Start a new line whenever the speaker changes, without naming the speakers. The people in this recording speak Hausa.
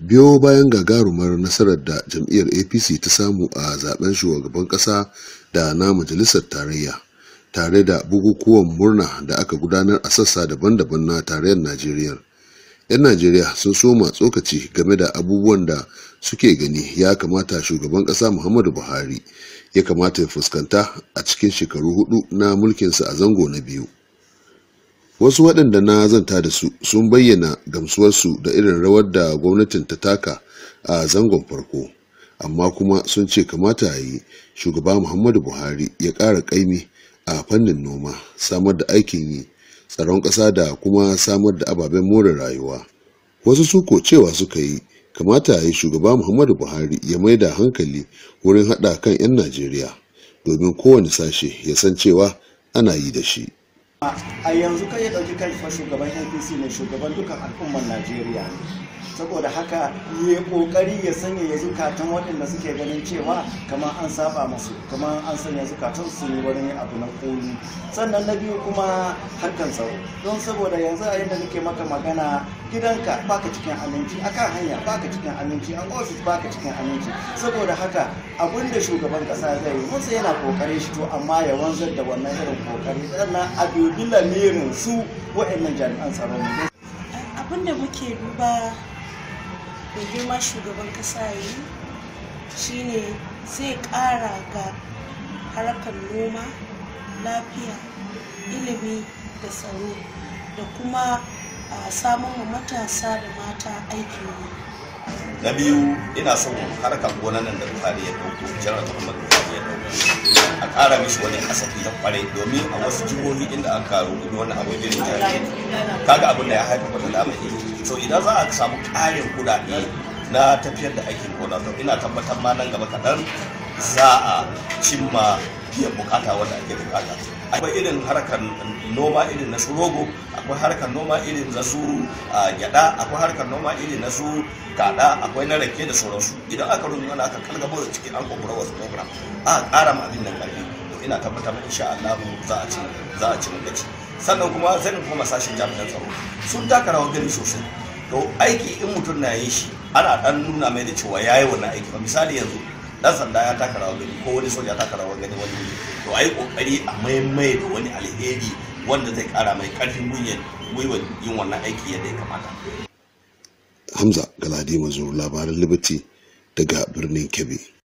biyo bayan gagarumar nasarar da jam'iyyar apc ta samu a zaben shugaban kasa da na majalisar tarayya tare da bukukuwan murna da aka gudanar a sassa daban-daban na tarayyar najeriya 'yan najeriya sun soma tsokaci game da abubuwan da suke gani ya kamata shugaban kasa muhammadu buhari ya kamata ya fuskanta a cikin shekaru hudu na mulkinsa a zango na biyu wasu waɗanda na zanta da su sun bayyana gamsuwarsu da irin rawar da gwamnatin ta taka a zangon farko amma kuma sun ce kamata a yi shugaba muhammadu buhari ya ƙara ƙaimi a fannin noma samar da aikin yi tsaron ƙasa da kuma samar da ababen more rayuwa wasu suko cewa suka yi kamata ya yi shugaba muhammadu buhari ya mai da hankali wurin haɗa kan 'yan najeriya domin kowane sashe ya san cewa ana yi da shi
a yanzu kai ya ɗauki kai fa shugaban apc ne shugaban dukan al'ummar najeriya ne saboda haka ya kokari ya sanya ya zukatan waɗanda suke ganin cewa kamar an saba masu kamar an sanya zukatan su ne wani abu na koli sannan na biyu kuma harkan tsaro don saboda yanzu a yadda nake maka magana gidanka baka cikin aminci akan hanya baka cikin aminci a ofis baka cikin aminci saboda haka abun da shugaban ƙasa zai yi mun yana kokarin shi to amma ya wanzar da wannan irin kokari sannan a dubi lamirin su wa'annan jami'an tsaro ne.
abin da muke duba da girma shugaban kasa yi shine zai ƙara ga harkar noma lafiya ilimi da tsaro da kuma a samun matasa da mata aikin yi
na biyu ina son harkar gonan nan da buhari ya dauko jiran muhammad buhari ya dauko a kara mishi wani asafi na kwarai domin a wasu jihohi inda an karo da wani abu da jari kaga abin da ya haifa da lamari so idan za a samu karin kudade na tafiyar da aikin gona to ina tabbatar ma nan gaba kaɗan za a cimma biya bukata wanda ake bukata akwai irin harkar noma irin na su rogo akwai harkar noma irin na su gyada akwai harkar noma irin na su kada akwai na rake da sauransu idan aka rungu aka kalgabo da cikin an kwamfura wasu program a kara ma abin nan karfi ina tabbatar insha Allah za a ci za a ci gaci sannan kuma zan kuma sashin jami'an tsaro sun taka rawar gani sosai to aiki in mutum na yin shi ana dan nuna mai da cewa yayi wannan aiki misali yanzu dan sanda ya taka rawa gani ko wani soja taka rawar gani wani to ai kokari a maimai da wani alheri wanda zai kara mai karfin gwiwar yin wannan aiki yadda ya kamata
hamza galadi mazuru labarin liberty daga birnin kebbi